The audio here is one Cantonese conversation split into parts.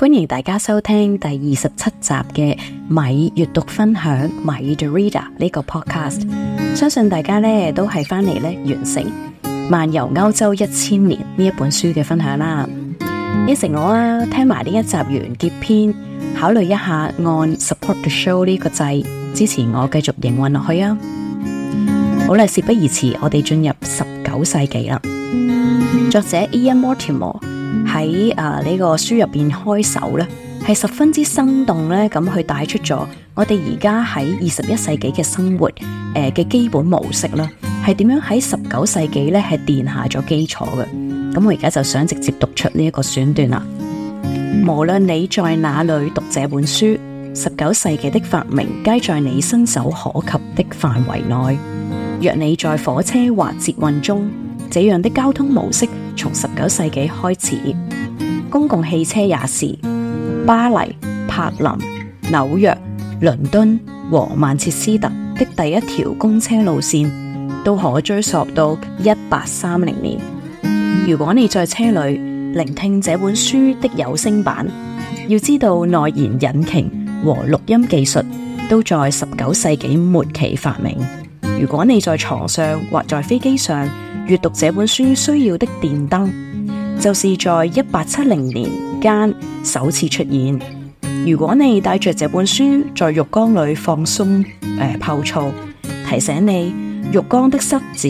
歡迎大家收聽第二十七集嘅米閱讀分享 Mic the Reader 呢個 podcast，相信大家呢都係返嚟完成《漫遊歐洲一千年》呢本書嘅分享啦。應承我啦，聽埋呢一集完結篇，考慮一下按 support the show 呢個掣支持我繼續營運落去啊！好啦，事不宜遲，我哋進入十九世紀啦。作者 Ian Mortimer。喺呢、啊這個、書入面開首，呢係十分之生動咧，去帶出咗我哋而家喺二十一世紀嘅生活、呃、的嘅基本模式是怎點樣喺十九世紀呢係墊下咗基礎的。咁我而家就想直接讀出呢個個選段啦。無論你在哪裏讀這本書，十九世紀的發明皆在你伸手可及的範圍內。若你在火車或捷運中。這樣的交通模式從十九世紀開始，公共汽車也是。巴黎、柏林、紐約、倫敦和曼徹斯特的第一條公車路線都可追溯到一八三零年。如果你在車裏聆聽這本書的有聲版，要知道內燃引擎和錄音技術都在十九世紀末期發明。如果你在床上或在飛機上。閱讀這本書需要的電燈，就是在一八七零年間首次出現。如果你帶着這本書在浴缸裏放鬆誒泡澡，提醒你浴缸的塞子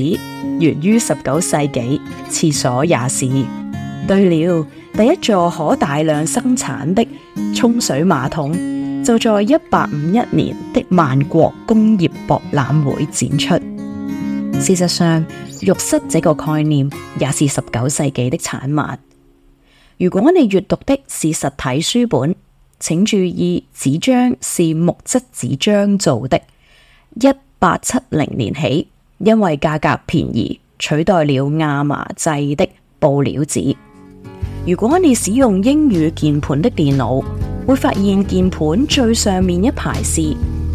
源於十九世紀，廁所也是。對了，第一座可大量生產的沖水馬桶就在一八五一年的萬國工業博覽會展出。事實上。浴室這個概念也是十九世紀的產物。如果你閱讀的是實體書本，請注意紙張是木質紙張做的。一八七零年起，因為價格便宜，取代了亞麻製的布料紙。如果你使用英語鍵盤的電腦，會發現鍵盤最上面一排是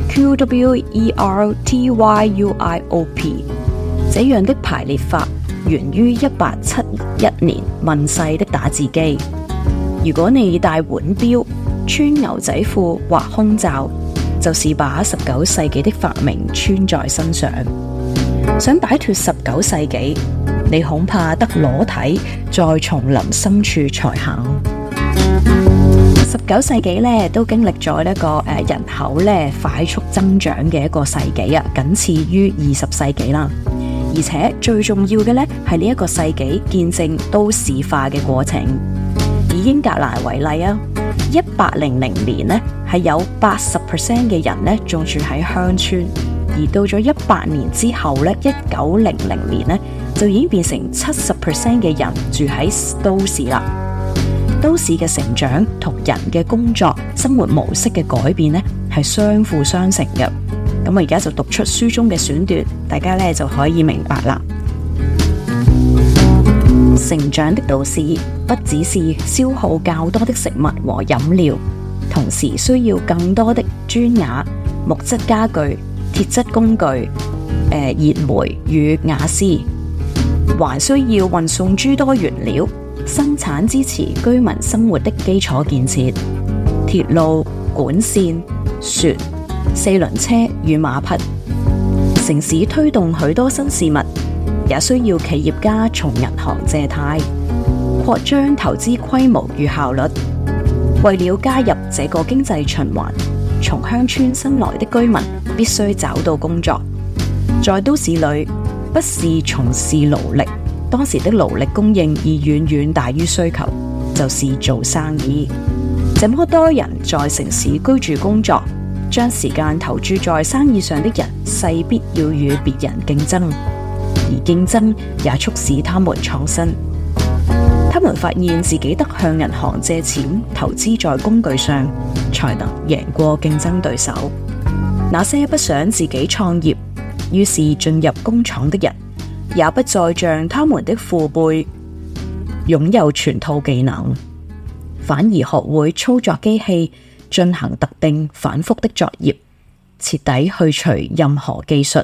Q W E R T Y U I O P。這樣的排列法源於一八七一年問世的打字機。如果你戴腕錶、穿牛仔褲或胸罩，就是把十九世紀的發明穿在身上。想擺脫十九世紀，你恐怕得裸體在叢林深處才行。十九世紀呢都經歷咗一個、呃、人口呢快速增長嘅一個世紀啊，僅次於二十世紀啦。而且最重要嘅呢，係呢一個世紀見證都市化嘅過程。以英格蘭為例啊，一八零零年呢，係有八十 percent 嘅人呢，仲住喺鄉村，而到咗一百年之後呢，一九零零年呢，就已經變成七十 percent 嘅人住喺都市啦。都市嘅成長同人嘅工作、生活模式嘅改變呢，係相輔相成嘅。咁我而家就讀出書中嘅選段，大家呢就可以明白啦。成長的都市不只是消耗較多的食物和飲料，同時需要更多的磚瓦、木質家具、鐵質工具、誒、呃、熱煤與瓦斯，還需要運送諸多原料，生產支持居民生活的基礎建設，鐵路、管線、船、四輪車。與馬匹，城市推動許多新事物，也需要企業家從銀行借貸，擴張投資規模與效率。為了加入這個經濟循環，從鄉村新來的居民必須找到工作。在都市裏，不是從事勞力，當時的勞力供應已遠遠大於需求，就是做生意。這麼多人在城市居住工作。將時間投注在生意上的人，勢必要與別人競爭，而競爭也促使他們創新。他們發現自己得向銀行借錢，投資在工具上，才能贏過競爭對手。那些不想自己創業，於是進入工廠的人，也不再像他們的父輩，擁有全套技能，反而學會操作機器。進行特定反覆的作業，徹底去除任何技術，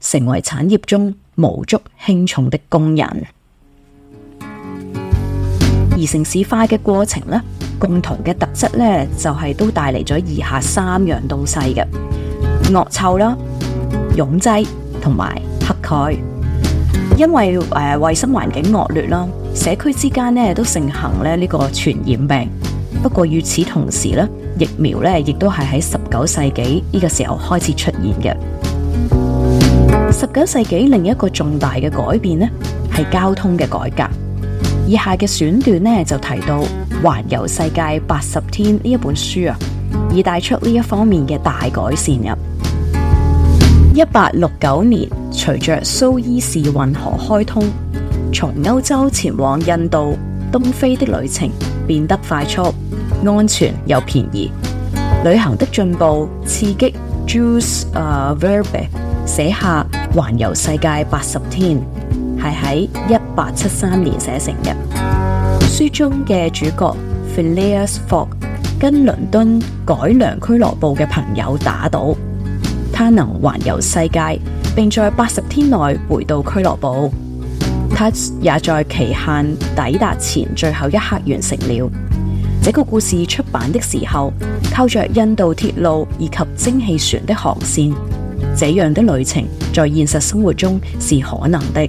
成為產業中無足輕重的工人。而城市化嘅過程咧，共同嘅特質咧，就係、是、都帶嚟咗以下三樣東西嘅惡臭啦、擁擠同埋乞丐。因為，誒呃、衛生環境惡劣啦，社區之間咧都盛行咧呢個傳染病。不過與此同時咧。疫苗呢，亦都係喺十九世紀呢個時候開始出現嘅。十九世紀另一個重大嘅改變呢，係交通嘅改革。以下嘅選段呢，就提到《環遊世界八十天》呢一本書啊，以帶出呢一方面嘅大改善入。一八六九年，隨着蘇伊士運河開通，從歐洲前往印度、東非的旅程變得快速。安全又便宜，旅行的進步刺激，Juice、uh, Verbe 寫下環遊世界八十天，係喺一八七三年寫成嘅。書中嘅主角 Phileas Fogg 跟倫敦改良俱樂部嘅朋友打賭，他能環遊世界並在八十天內回到俱樂部。他也在期限抵達前最後一刻完成了。這個故事出版的時候，靠着印度鐵路以及蒸汽船的航線，這樣的旅程在現實生活中是可能的。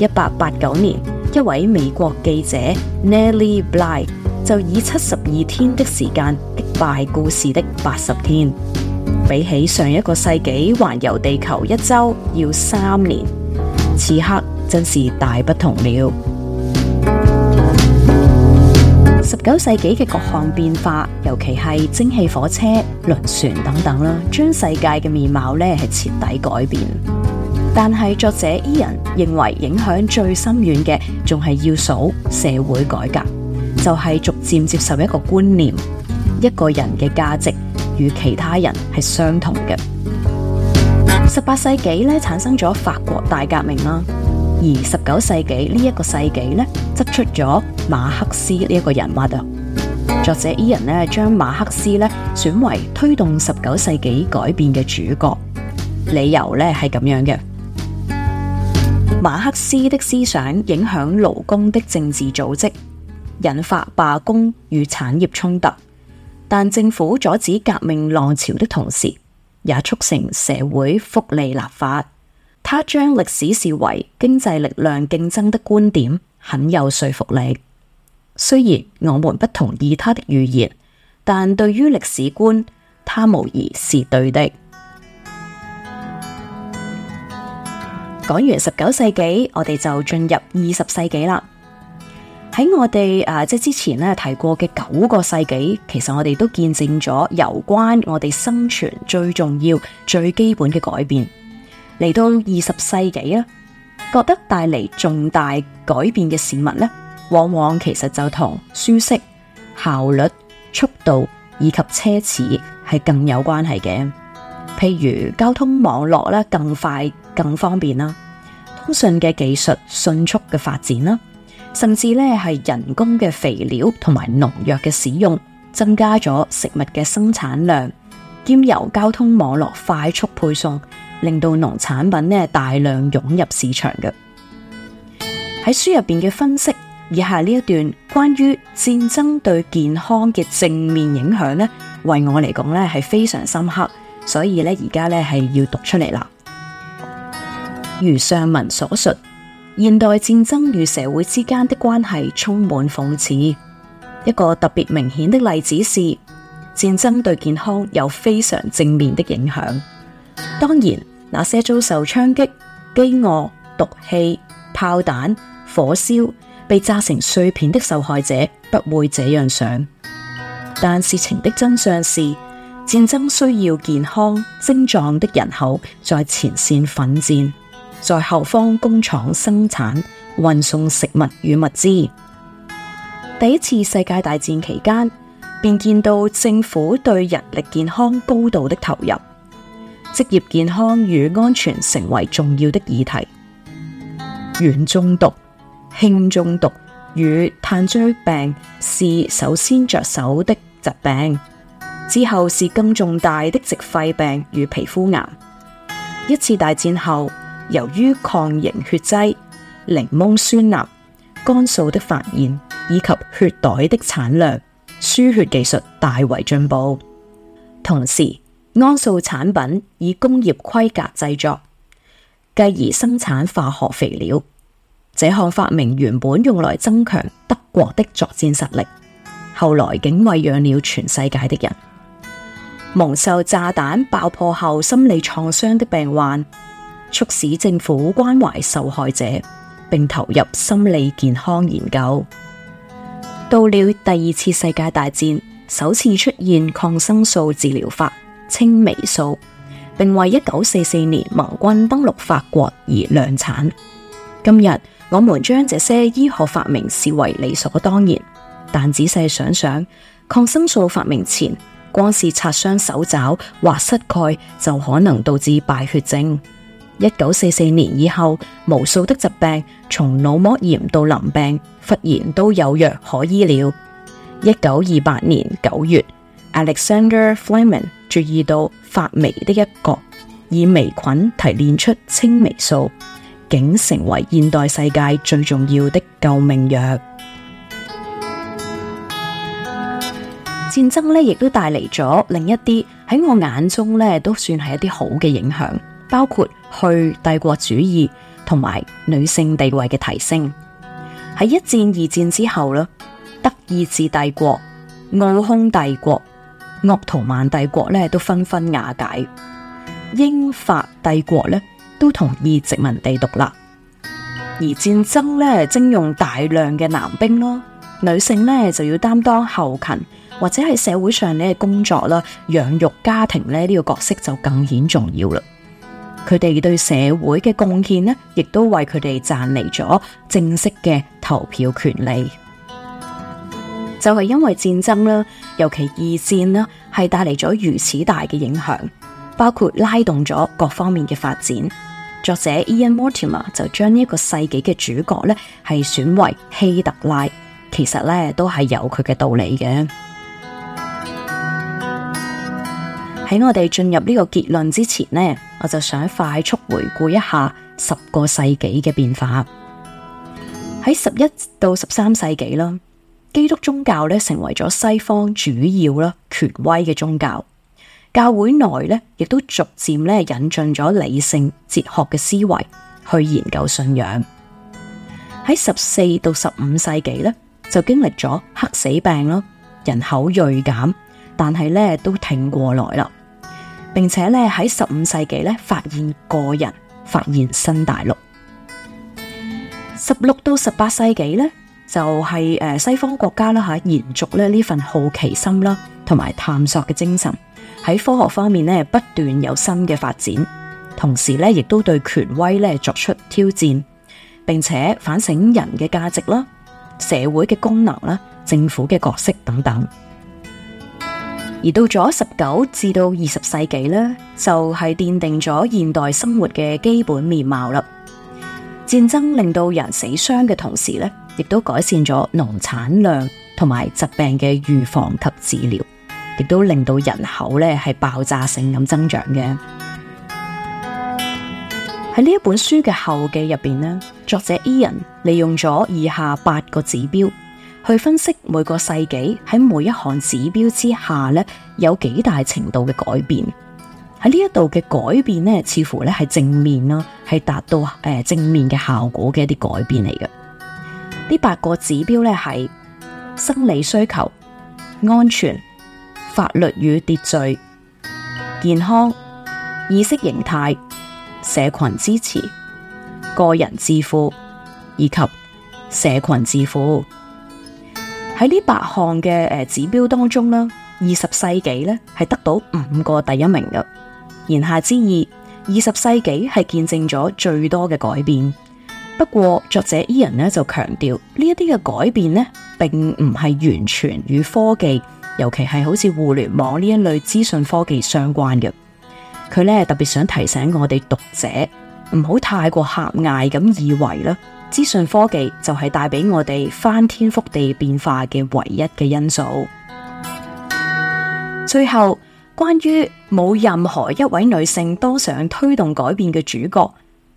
一八八九年，一位美國記者 Nellie Bly 就以七十二天的時間擊敗故事的八十天。比起上一個世紀環遊地球一周要三年，此刻真是大不同了。十九世紀嘅各項變化，尤其係蒸汽火車、輪船等等啦，將世界嘅面貌咧係徹底改變。但係作者伊人認為影響最深遠嘅，仲係要數社會改革，就係逐漸接受一個觀念：一個人嘅價值與其他人係相同嘅。十八世紀咧，產生咗法國大革命啦。而十九世紀呢一個世紀呢，則出咗馬，馬克思呢一個人物啊！作者 Ian 呢將馬克思呢選為推動十九世紀改變嘅主角，理由呢係咁樣嘅：馬克思的思想影響勞工的政治組織，引發罷工與產業衝突，但政府阻止革命浪潮的同時，也促成社會福利立法。他將歷史視為經濟力量競爭的觀點很有說服力。雖然我們不同意他的預言，但對於歷史觀，他無疑是對的。講完十九世紀，我哋就進入二十世紀啦。喺我哋啊，即之前咧提過嘅九個世紀，其實我哋都見證咗有關我哋生存最重要、最基本嘅改變。嚟到二十世紀啦，覺得帶嚟重大改變嘅事物咧，往往其實就同舒適、效率、速度以及奢侈係更有關係嘅。譬如交通網絡啦，更快、更方便啦；通訊嘅技術迅速嘅發展啦，甚至咧係人工嘅肥料同埋農藥嘅使用，增加咗食物嘅生產量，兼由交通網絡快速配送。令到農產品呢大量湧入市場嘅。喺書入邊嘅分析以下呢一段關於戰爭對健康嘅正面影響呢，為我嚟講呢係非常深刻，所以呢而家呢係要讀出嚟啦。如上文所述，現代戰爭與社會之間的關係充滿諷刺。一個特別明顯的例子是，戰爭對健康有非常正面的影響。當然，那些遭受槍擊、飢餓、毒氣、炮彈、火燒，被炸成碎片的受害者不會這樣想。但事情的真相是，戰爭需要健康、精壯的人口在前線奮戰，在後方工廠生產、運送食物與物資。第一次世界大戰期間，便見到政府對人力健康高度的投入。職業健康與安全成為重要的議題。鉛中毒、輕中毒與炭疽病是首先着手的疾病，之後是更重大的直肺病與皮膚癌。一次大戰後，由於抗凝血劑、檸檬酸鈉、肝素的發現，以及血袋的產量，輸血技術大為進步，同時。安素產品以工業規格製作，繼而生產化學肥料。這項發明原本用來增強德國的作戰實力，後來竟餵養了全世界的人。蒙受炸彈爆破後心理創傷的病患，促使政府關懷受害者，並投入心理健康研究。到了第二次世界大戰，首次出現抗生素治療法。青黴素，並為一九四四年盟軍登陸法國而量產。今日我們將這些醫學發明視為理所當然，但仔細想想，抗生素發明前，光是擦傷手肘或膝蓋就可能導致敗血症。一九四四年以後，無數的疾病，從腦膜炎到淋病，忽然都有藥可醫了。一九二八年九月，Alexander Fleming。注意到發霉的一角，以霉菌提煉出青霉素，竟成為現代世界最重要的救命藥。戰爭呢，亦都帶嚟咗另一啲喺我眼中呢，都算係一啲好嘅影響，包括去帝國主義同埋女性地位嘅提升。喺一戰、二戰之後呢，德意志帝國、奧匈帝國。鄂圖曼帝國咧，都紛紛瓦解，英法帝國咧，都同意殖民地獨立，而戰爭咧，徵用大量嘅男兵咯，女性咧就要擔當後勤或者喺社會上呢嘅工作啦，養育家庭咧呢個角色就更顯重要啦。佢哋對社會嘅貢獻咧，亦都為佢哋賺嚟咗正式嘅投票權利。就係因為戰爭啦，尤其二戰啦，係帶嚟咗如此大嘅影響，包括拉動咗各方面嘅發展。作者 Ian Mortimer 就將呢一個世紀嘅主角咧係選為希特拉，其實咧都係有佢嘅道理嘅。喺我哋進入呢個結論之前呢，我就想快速回顧一下十個世紀嘅變化。喺十一到十三世紀啦。基督宗教咧成為咗西方主要啦權威嘅宗教，教會內咧亦都逐漸咧引進咗理性哲學嘅思維去研究信仰。喺十四到十五世紀咧就經歷咗黑死病咯，人口銳減，但係咧都挺過來啦，並且咧喺十五世紀咧發現個人發現新大陸。十六到十八世紀咧。就係誒西方國家啦吓，延續咧呢份好奇心啦，同埋探索嘅精神喺科學方面咧不斷有新嘅發展，同時咧亦都對權威咧作出挑戰，並且反省人嘅價值啦、社會嘅功能啦、政府嘅角色等等。而到咗十九至到二十世紀呢就係奠定咗現代生活嘅基本面貌啦。戰爭令到人死傷嘅同時呢。亦都改善咗農產量同埋疾病嘅預防及治療，亦都令到人口咧係爆炸性咁增長嘅。喺呢一本書嘅後記入邊咧，作者 Ian 利用咗以下八個指標去分析每個世紀喺每一項指標之下咧有幾大程度嘅改變。喺呢一度嘅改變咧，似乎咧係正面啦，係達到誒、呃、正面嘅效果嘅一啲改變嚟嘅。呢八個指標咧係生理需求、安全、法律與秩序、健康、意識形態、社群支持、個人致富以及社群致富。喺呢八項嘅誒指標當中啦，二十世紀咧係得到五個第一名嘅。言下之意，二十世紀係見證咗最多嘅改變。不過作者伊人呢就強調呢一啲嘅改變呢並唔係完全與科技，尤其係好似互聯網呢一類資訊科技相關嘅。佢呢特別想提醒我哋讀者，唔好太過狹隘咁以為啦，資訊科技就係帶俾我哋翻天覆地變化嘅唯一嘅因素。最後，關於冇任何一位女性都想推動改變嘅主角。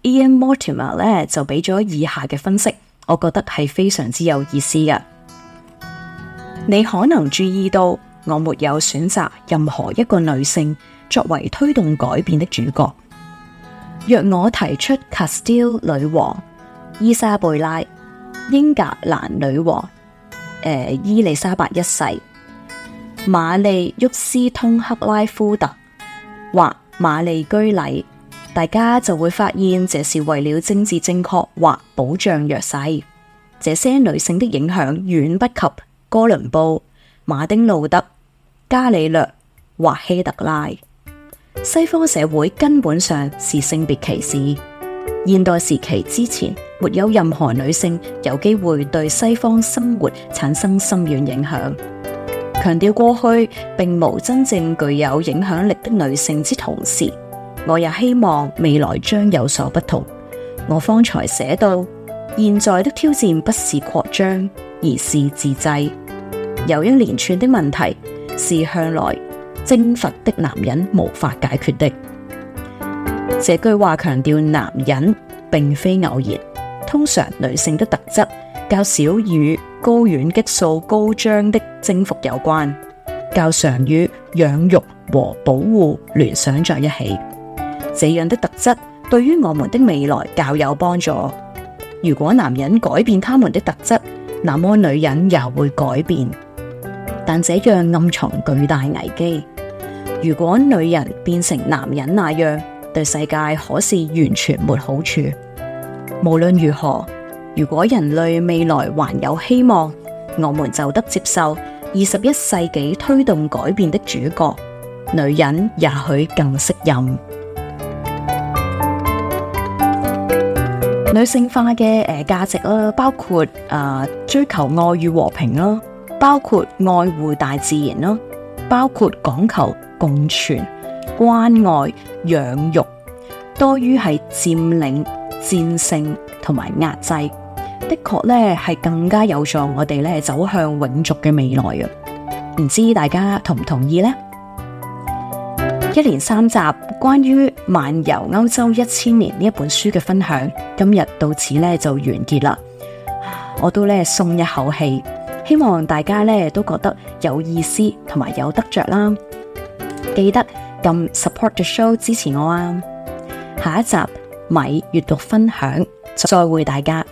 Ian Mortimer 咧就俾咗以下嘅分析，我覺得係非常之有意思嘅。你可能注意到，我沒有選擇任何一個女性作為推動改變的主角。若我提出卡斯蒂爾女王伊莎貝拉、英格蘭女王、誒、欸、伊麗莎白一世、瑪麗·沃斯通克拉夫特或瑪麗居禮，大家就會發現，這是為了政治正確或保障弱勢。這些女性的影響遠不及哥倫布、馬丁路德、伽利略或希特拉。西方社會根本上是性別歧視。現代時期之前，沒有任何女性有機會對西方生活產生深遠影響。強調過去並無真正具有影響力的女性之同時。我也希望未來將有所不同。我方才寫到，現在的挑戰不是擴張，而是自制。有一連串的問題是向來征服的男人無法解決的。這句話強調男人並非偶然，通常女性的特質較少與睾丸激素高漲的征服有關，較常與養育和保護聯想在一起。這樣的特質對於我們的未來較有幫助。如果男人改變他們的特質，那麼女人也會改變。但這樣暗藏巨大危機。如果女人變成男人那樣，對世界可是完全沒好處。無論如何，如果人類未來還有希望，我們就得接受二十一世紀推動改變的主角，女人也許更適任。女性化嘅誒價值啦，包括誒、呃、追求愛與和平啦，包括愛護大自然啦，包括講求共存、關愛、養育，多於係佔領、戰勝同埋壓制，的確咧係更加有助我哋咧走向永續嘅未來啊！唔知大家同唔同意咧？一連三集關於漫遊歐洲一千年呢本書嘅分享，今日到此呢就完結啦。我都呢鬆一口氣，希望大家呢都覺得有意思同埋有得着啦。記得撳 support the show 支持我啊！下一集米閱讀分享，再會大家。